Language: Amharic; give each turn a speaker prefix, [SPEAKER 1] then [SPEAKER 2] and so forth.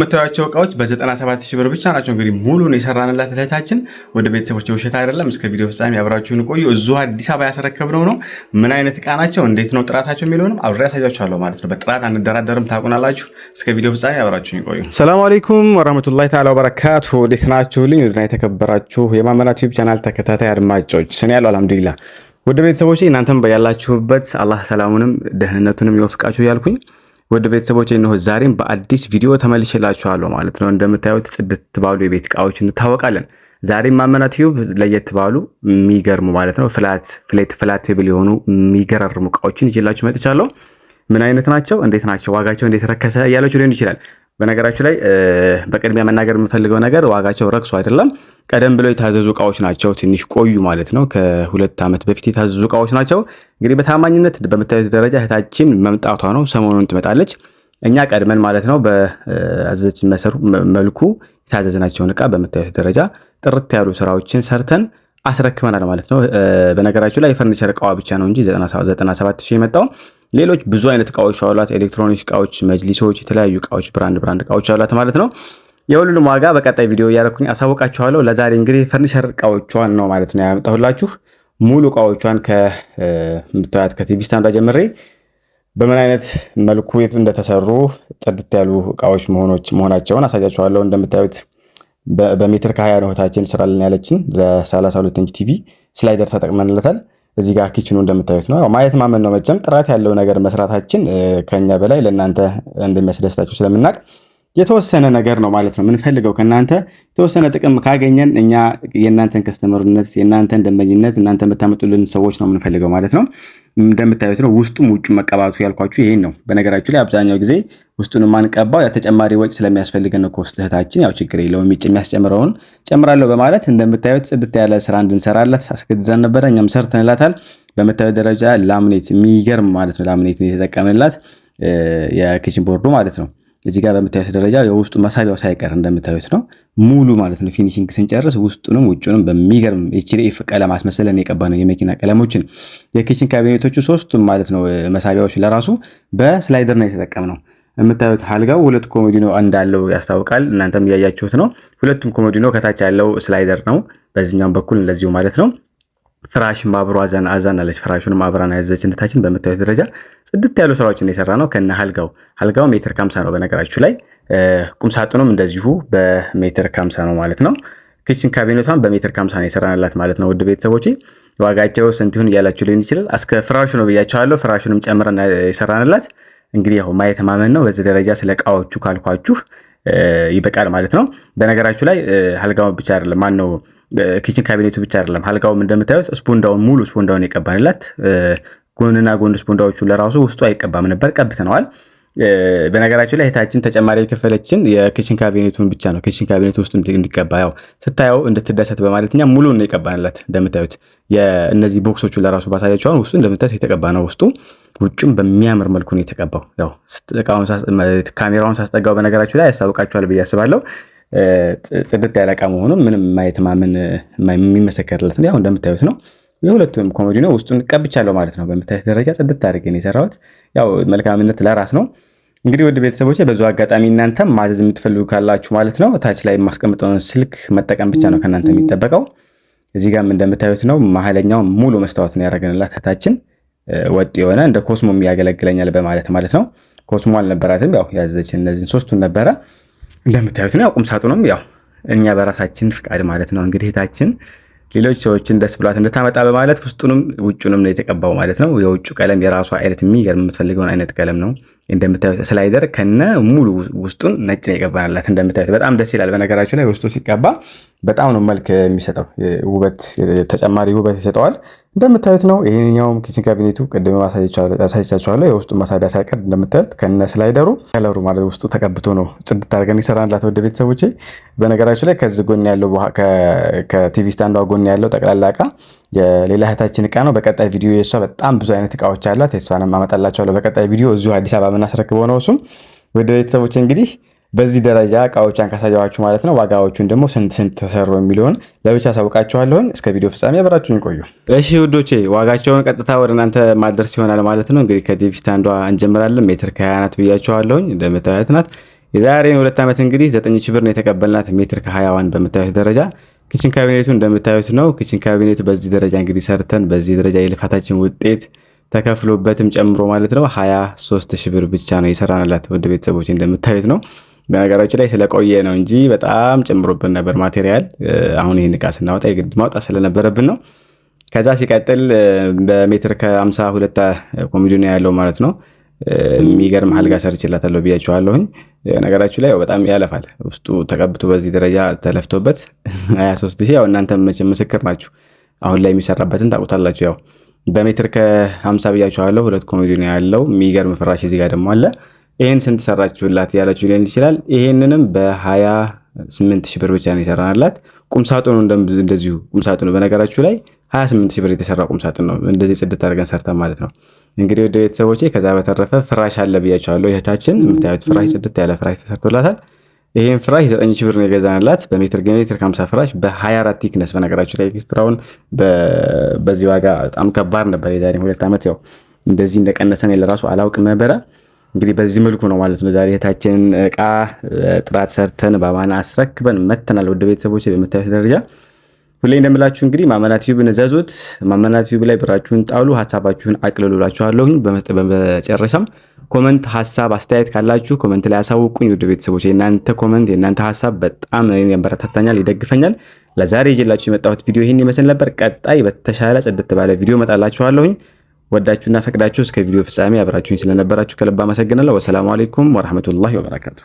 [SPEAKER 1] የምታዩቸው እቃዎች በ97 ሺህ ብር ብቻ ናቸው። እንግዲህ ሙሉን የሰራንላት እህታችን ወደ ቤተሰቦች ውሸት አይደለም። እስከ ቪዲዮ ፍጻሜ አብራችሁን ቆዩ። እዙ አዲስ አበባ ያስረከብነው ነው። ምን አይነት እቃ ናቸው፣ እንዴት ነው ጥራታቸው የሚለውንም አብሬ ያሳያችኋለሁ ማለት ነው። በጥራት አንደራደርም፣ ታውቁናላችሁ። እስከ ቪዲዮ ፍጻሜ አብራችሁን ቆዩ።
[SPEAKER 2] ሰላም አሌይኩም ወረመቱላ ተዓላ ወበረካቱ። እንዴት ልኝ ውድና የተከበራችሁ የማመናት ዩብ ቻናል ተከታታይ አድማጮች ስን ያለው አልሐምዱሊላ። ወደ ቤተሰቦች እናንተም በያላችሁበት አላህ ሰላሙንም ደህንነቱንም ይወፍቃችሁ ያልኩኝ ወደ ቤተሰቦች እንሆ ዛሬም በአዲስ ቪዲዮ ተመልሼላችኋለሁ ማለት ነው። እንደምታዩት ጽድት ባሉ የቤት እቃዎች እንታወቃለን። ዛሬም ማመና ቲዩብ ለየት ባሉ የሚገርሙ ማለት ነው ፍላት ፍሌት ፍላት ቴብል የሆኑ የሚገረርሙ እቃዎችን ይዤላችሁ መጥቻለሁ። ምን አይነት ናቸው? እንዴት ናቸው? ዋጋቸው እንዴት ረከሰ እያላችሁ ሊሆን ይችላል። በነገራችሁ ላይ በቅድሚያ መናገር የምፈልገው ነገር ዋጋቸው ረክሶ አይደለም ቀደም ብለው የታዘዙ እቃዎች ናቸው። ትንሽ ቆዩ ማለት ነው። ከሁለት ዓመት በፊት የታዘዙ እቃዎች ናቸው። እንግዲህ በታማኝነት በምታዩት ደረጃ እህታችን መምጣቷ ነው። ሰሞኑን ትመጣለች። እኛ ቀድመን ማለት ነው በአዘዘችን መልኩ የታዘዝናቸውን እቃ በምታዩት ደረጃ ጥርት ያሉ ስራዎችን ሰርተን አስረክበናል ማለት ነው። በነገራችሁ ላይ የፈርኒቸር እቃዋ ብቻ ነው እንጂ 97 ሺህ የመጣው ሌሎች ብዙ አይነት እቃዎች አሏት። ኤሌክትሮኒክስ እቃዎች፣ መጅሊሶች፣ የተለያዩ እቃዎች፣ ብራንድ ብራንድ እቃዎች አሏት ማለት ነው። የሁሉንም ዋጋ በቀጣይ ቪዲዮ እያደረኩኝ አሳውቃችኋለሁ። ለዛሬ እንግዲህ ፈርኒቸር እቃዎቿን ነው ማለት ነው ያመጣሁላችሁ። ሙሉ እቃዎቿን ከምታያት ከቲቪ ስታንዷ ጀምሬ በምን አይነት መልኩ የት እንደተሰሩ ጥድት ያሉ እቃዎች መሆናቸውን አሳያችኋለሁ። እንደምታዩት በሜትር ከሀያ ነው እህታችን ስራልን ያለችን ለ32 ኢንች ቲቪ ስላይደር ተጠቅመንለታል። እዚህ ጋር ኪችኑ እንደምታዩት ነው። ማየት ማመን ነው መቼም ጥራት ያለው ነገር መስራታችን ከኛ በላይ ለእናንተ እንደሚያስደስታችሁ ስለምናውቅ የተወሰነ ነገር ነው ማለት ነው የምንፈልገው ከእናንተ የተወሰነ ጥቅም ካገኘን እኛ የእናንተን ከስተመርነት የእናንተን ደንበኝነት እናንተ የምታመጡልን ሰዎች ነው የምንፈልገው ማለት ነው። እንደምታዩት ነው ውስጡም ውጭ መቀባቱ ያልኳችሁ ይሄን ነው። በነገራችሁ ላይ አብዛኛው ጊዜ ውስጡን የማንቀባው ተጨማሪ ወጭ ስለሚያስፈልገን ነው። ኮስት እህታችን ያው ችግር የሚጭ የሚያስጨምረውን ጨምራለሁ በማለት እንደምታዩት ጽድት ያለ ስራ እንድንሰራላት አስገድዳን ነበረ። እኛም ሰርተንላታል። በምታዩት ደረጃ ላምኔት የሚገርም ማለት ነው ላምኔት የተጠቀምንላት የኪችን ቦርዱ ማለት ነው እዚህ ጋር በምታዩት ደረጃ የውስጡ መሳቢያው ሳይቀር እንደምታዩት ነው ሙሉ ማለት ነው። ፊኒሽንግ ስንጨርስ ውስጡንም ውጩንም በሚገርም ኤችዲኤፍ ቀለም አስመስለን የቀባ ነው። የመኪና ቀለሞችን የኪችን ካቢኔቶቹ ሶስቱም ማለት ነው መሳቢያዎች ለራሱ በስላይደር ነው የተጠቀምነው። የምታዩት አልጋው ሁለት ኮሞዲኖ እንዳለው ያስታውቃል። እናንተም እያያችሁት ነው። ሁለቱም ኮሞዲኖ ከታች ያለው ስላይደር ነው። በዚህኛውም በኩል እንደዚሁ ማለት ነው። ፍራሽም አብሮ አዛናለች። ፍራሹንም አብራን ያዘች። እንድታችን በምታዩት ደረጃ ጽድት ያሉ ስራዎችን የሰራ ነው ከነ ሀልጋው። አልጋው ሜትር ከምሳ ነው በነገራችሁ ላይ ቁምሳጥኑም እንደዚሁ በሜትር ከምሳ ነው ማለት ነው። ክችን ካቢኔቷን በሜትር ከምሳ ነው የሰራንላት ማለት ነው። ውድ ቤተሰቦች ዋጋቸው ስንት ይሁን እያላችሁ ሊሆን ይችላል። እስከ ፍራሹ ነው ብያቸዋለሁ። ፍራሹንም ጨምረን የሰራንላት እንግዲህ ያው ማየት ማመን ነው። በዚህ ደረጃ ስለ እቃዎቹ ካልኳችሁ ይበቃል ማለት ነው። በነገራችሁ ላይ አልጋው ብቻ አይደለም ማን ነው ኪችን ካቢኔቱ ብቻ አይደለም አልጋውም እንደምታዩት ስፖንዳውን ሙሉ ስፖንዳውን የቀባንለት ጎንና ጎን ስፖንዳዎቹ ለራሱ ውስጡ አይቀባም ነበር፣ ቀብተነዋል። በነገራችን ላይ እህታችን ተጨማሪ የከፈለችን የኪችን ካቢኔቱን ብቻ ነው። ኪችን ካቢኔቱ ውስጥ እንዲቀባ ያው ስታየው እንድትደሰት በማለት እኛ ሙሉ ነው የቀባንላት። እንደምታዩት እነዚህ ቦክሶቹ ለራሱ ባሳያቸውን ውስጡ እንደምታዩት የተቀባ ነው። ውስጡ ውጭም በሚያምር መልኩ ነው የተቀባው። ያው ካሜራውን ሳስጠጋው በነገራችሁ ላይ ያስታውቃችኋል ብዬ አስባለሁ። ጽድት ያለ ዕቃ መሆኑን ምንም የማይተማመን የሚመሰከርለት ነው። አሁን እንደምታዩት ነው። የሁለቱም ኮሞዲኖ ውስጡን ቀብቻለሁ ማለት ነው። በምታዩት ደረጃ ጽድት አድርገን የሰራሁት ያው መልካምነት ለራስ ነው። እንግዲህ ውድ ቤተሰቦች በዚሁ አጋጣሚ እናንተም ማዘዝ የምትፈልጉ ካላችሁ ማለት ነው ታች ላይ የማስቀምጠውን ስልክ መጠቀም ብቻ ነው ከእናንተ የሚጠበቀው። እዚህ ጋም እንደምታዩት ነው። መሀለኛው ሙሉ መስታወት ነው ያደረግንላት እህታችን። ወጥ የሆነ እንደ ኮስሞም ያገለግለኛል በማለት ማለት ነው። ኮስሞ አልነበራትም። ያው ያዘችን እነዚህን ሶስቱን ነበረ እንደምታዩት ነው። ያው ቁም ሳጥኑም ያው እኛ በራሳችን ፍቃድ ማለት ነው እንግዲህ እህታችን ሌሎች ሰዎችን ደስ ብሏት እንድታመጣ በማለት ውስጡንም ውጩንም ነው የተቀባው ማለት ነው። የውጩ ቀለም የራሱ አይነት የሚገርም የምትፈልገውን አይነት ቀለም ነው። እንደምታዩት ስላይደር ከነ ሙሉ ውስጡን ነጭ ነው የቀባናላት። እንደምታዩት በጣም ደስ ይላል። በነገራችሁ ላይ ውስጡ ሲቀባ በጣም ነው መልክ የሚሰጠው ውበት ተጨማሪ ውበት ይሰጠዋል። እንደምታዩት ነው። ይህኛውም ኪችን ካቢኔቱ ቅድም አሳይቻችኋለሁ። የውስጡ ማሳቢያ ሳይቀር እንደምታዩት ከነ ስላይደሩ ከለሩ ማለት ውስጡ ተቀብቶ ነው ጽድት አድርገን ይሰራንላት። ወደ ቤተሰቦቼ በነገራችን ላይ ከዚህ ጎን ያለው ከቲቪ ስታንዷ ጎን ያለው ጠቅላላ እቃ የሌላ እህታችን እቃ ነው። በቀጣይ ቪዲዮ የእሷ በጣም ብዙ አይነት እቃዎች አሏት። የእሷንም አመጣላቸዋለሁ በቀጣይ ቪዲዮ። እዚሁ አዲስ አበባ የምናስረክበው ነው እሱም ወደ ቤተሰቦች እንግዲህ በዚህ ደረጃ እቃዎች ካሳየኋችሁ ማለት ነው። ዋጋዎቹን ደግሞ ስንት ስንት ተሰሩ የሚለውን ለብቻ አሳውቃችኋለሁኝ። እስከ ቪዲዮ ፍጻሜ አብራችሁኝ ቆዩ። እሺ ውዶቼ፣ ዋጋቸውን ቀጥታ ወደ እናንተ ማድረስ ይሆናል ማለት ነው። እንግዲህ ከዲቪ አንዷ እንጀምራለን። ሜትር ከሀያ ናት ብያችኋለሁኝ። እንደምታዩት ናት። የዛሬን ሁለት ዓመት እንግዲህ ዘጠኝ ሺህ ብር ነው የተቀበልናት ሜትር ከሀያዋን በምታዩት ደረጃ ኪችን ካቢኔቱ እንደምታዩት ነው። ኪችን ካቢኔቱ በዚህ ደረጃ እንግዲህ ሰርተን በዚህ ደረጃ የልፋታችን ውጤት ተከፍሎበትም ጨምሮ ማለት ነው 23 ሺህ ብር ብቻ ነው የሰራንላት ውድ ቤተሰቦች እንደምታዩት ነው። በነገራችን ላይ ስለቆየ ነው እንጂ በጣም ጨምሮብን ነበር ማቴሪያል። አሁን ይህን ቃ ስናወጣ የግድ ማውጣት ስለነበረብን ነው። ከዛ ሲቀጥል በሜትር ከአምሳ ሁለት ኮሚዲን ያለው ማለት ነው። የሚገርም አልጋ ሰርችላታለሁ ብያችኋለሁኝ። ነገራችሁ ላይ በጣም ያለፋል ውስጡ ተቀብቶ በዚህ ደረጃ ተለፍቶበት 23 ሺህ ያው እናንተ መቼም ምስክር ናችሁ። አሁን ላይ የሚሰራበትን ታውቁታላችሁ። ያው በሜትር ከ50 ብያችኋለሁ። ሁለት ኮሚዲኖ ያለው የሚገርም ፍራሽ እዚህ ጋር ደግሞ አለ። ይህን ስንት ሰራችሁላት ያላችሁ ሊሆን ይችላል። ይህንንም በ28 ሺህ ብር ብቻ ነው የሰራንላት። ቁምሳጥኑ እንደዚሁ ቁምሳጥኑ በነገራችሁ ላይ 28 ሺህ ብር የተሰራ ቁምሳጥን ነው። እንደዚህ ጽድት አድርገን ሰርተን ማለት ነው። እንግዲህ ወደ ቤተሰቦቼ ከዛ በተረፈ ፍራሽ አለ ብያቸዋለሁ። እህታችን የምታዩት ፍራሽ ጽድት ያለ ፍራሽ ተሰርቶላታል። ይህም ፍራሽ 9 ሺህ ብር ነው የገዛንላት በሜትር ሜትር 50 ፍራሽ በ24 ቲክነስ። በነገራችሁ ላይ ኤክስትራውን በዚህ ዋጋ በጣም ከባድ ነበር። የዛሬ ሁለት ዓመት ያው እንደዚህ እንደቀነሰን ለራሱ አላውቅም ነበረ እንግዲህ በዚህ መልኩ ነው ማለት ነው ዛሬ እህታችንን እቃ ጥራት ሰርተን በማና አስረክበን መተናል። ወደ ቤተሰቦች በምታዩት ደረጃ ሁሌ እንደምላችሁ እንግዲህ ማመና ቲዩብን እዘዙት። ማመና ቲዩብ ላይ ብራችሁን ጣሉ፣ ሀሳባችሁን አቅልሉላችኋለሁኝ። በመጨረሻም ኮመንት፣ ሀሳብ፣ አስተያየት ካላችሁ ኮመንት ላይ አሳውቁኝ። ወደ ቤተሰቦች የእናንተ ኮመንት የእናንተ ሀሳብ በጣም ያበረታታኛል፣ ይደግፈኛል። ለዛሬ ይዤላችሁ የመጣሁት ቪዲዮ ይህን ይመስል ነበር። ቀጣይ በተሻለ ጽድት ባለ ቪዲዮ እመጣላችኋለሁኝ። ወዳችሁና ፈቅዳችሁ እስከ ቪዲዮ ፍጻሜ አብራችሁኝ ስለነበራችሁ ከልብ አመሰግናለሁ። ወሰላሙ አሌይኩም ወረህመቱላሂ ወበረካቱ።